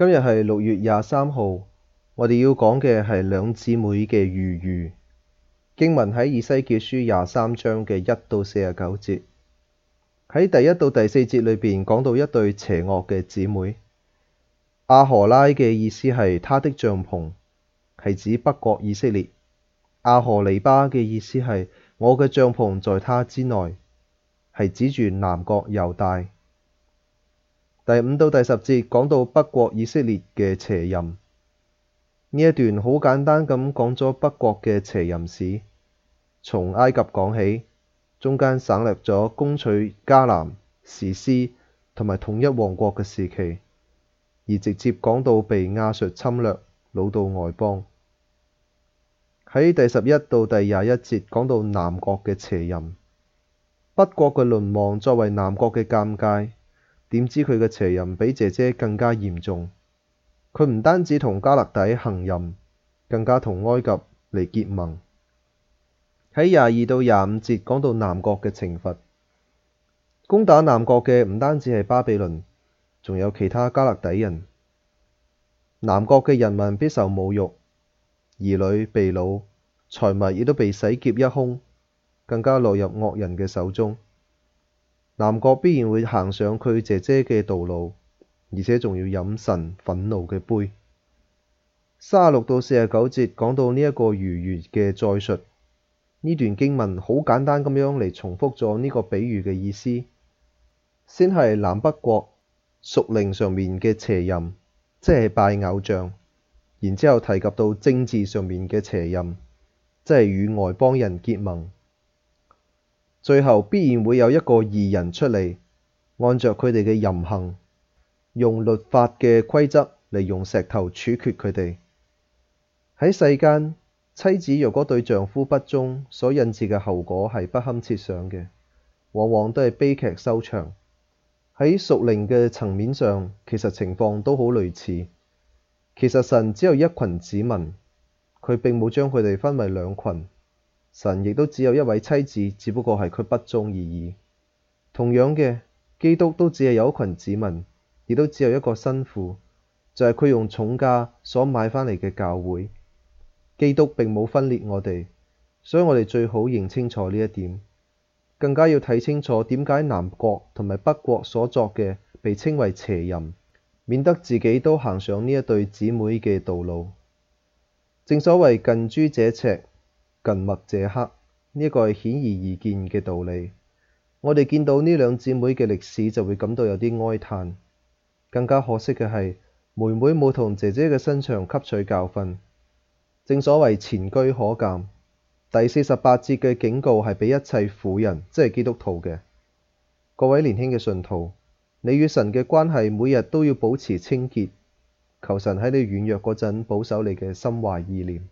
今日係六月廿三號，我哋要講嘅係兩姊妹嘅比喻。經文喺以西結書廿三章嘅一到四十九節，喺第一到第四節裏邊講到一對邪惡嘅姊妹。阿荷拉嘅意思係他的帳篷，係指北國以色列；阿荷尼巴嘅意思係我嘅帳篷在他之內，係指住南國猶大。第五到第十節講到北國以色列嘅邪淫，呢一段好簡單咁講咗北國嘅邪淫史，從埃及講起，中間省略咗攻取迦南、士師、同埋統一王國嘅時期，而直接講到被亞述侵略、擄到外邦。喺第十一到第廿一節講到南國嘅邪淫，北國嘅淪亡作為南國嘅鑑戒。點知佢嘅邪淫比姐姐更加嚴重。佢唔單止同加勒底行淫，更加同埃及嚟結盟。喺廿二到廿五節講到南國嘅懲罰，攻打南國嘅唔單止係巴比倫，仲有其他加勒底人。南國嘅人民必受侮辱，兒女被擄，財物亦都被洗劫一空，更加落入惡人嘅手中。南國必然會行上佢姐姐嘅道路，而且仲要飲神憤怒嘅杯。三十六到四十九節講到呢一個如月嘅再述，呢段經文好簡單咁樣嚟重複咗呢個比喻嘅意思。先係南北國屬靈上面嘅邪淫，即係拜偶像；然之後提及到政治上面嘅邪淫，即係與外邦人結盟。最後必然會有一個義人出嚟，按着佢哋嘅淫行，用律法嘅規則嚟用石頭處決佢哋。喺世間，妻子若果對丈夫不忠，所引致嘅後果係不堪設想嘅，往往都係悲劇收場。喺屬靈嘅層面上，其實情況都好類似。其實神只有一群子民，佢並冇將佢哋分為兩群。神亦都只有一位妻子，只不過係佢不忠而已。同樣嘅，基督都只係有一群子民，亦都只有一個新婦，就係、是、佢用重價所買翻嚟嘅教會。基督並冇分裂我哋，所以我哋最好認清楚呢一點，更加要睇清楚點解南國同埋北國所作嘅被稱為邪淫，免得自己都行上呢一對姊妹嘅道路。正所謂近朱者赤。近墨者黑，呢個係顯而易見嘅道理。我哋見到呢兩姊妹嘅歷史，就會感到有啲哀嘆。更加可惜嘅係，妹妹冇同姐姐嘅身上吸取教訓。正所謂前居可鑒。第四十八節嘅警告係俾一切婦人，即係基督徒嘅。各位年輕嘅信徒，你與神嘅關係每日都要保持清潔。求神喺你軟弱嗰陣保守你嘅心懷意念。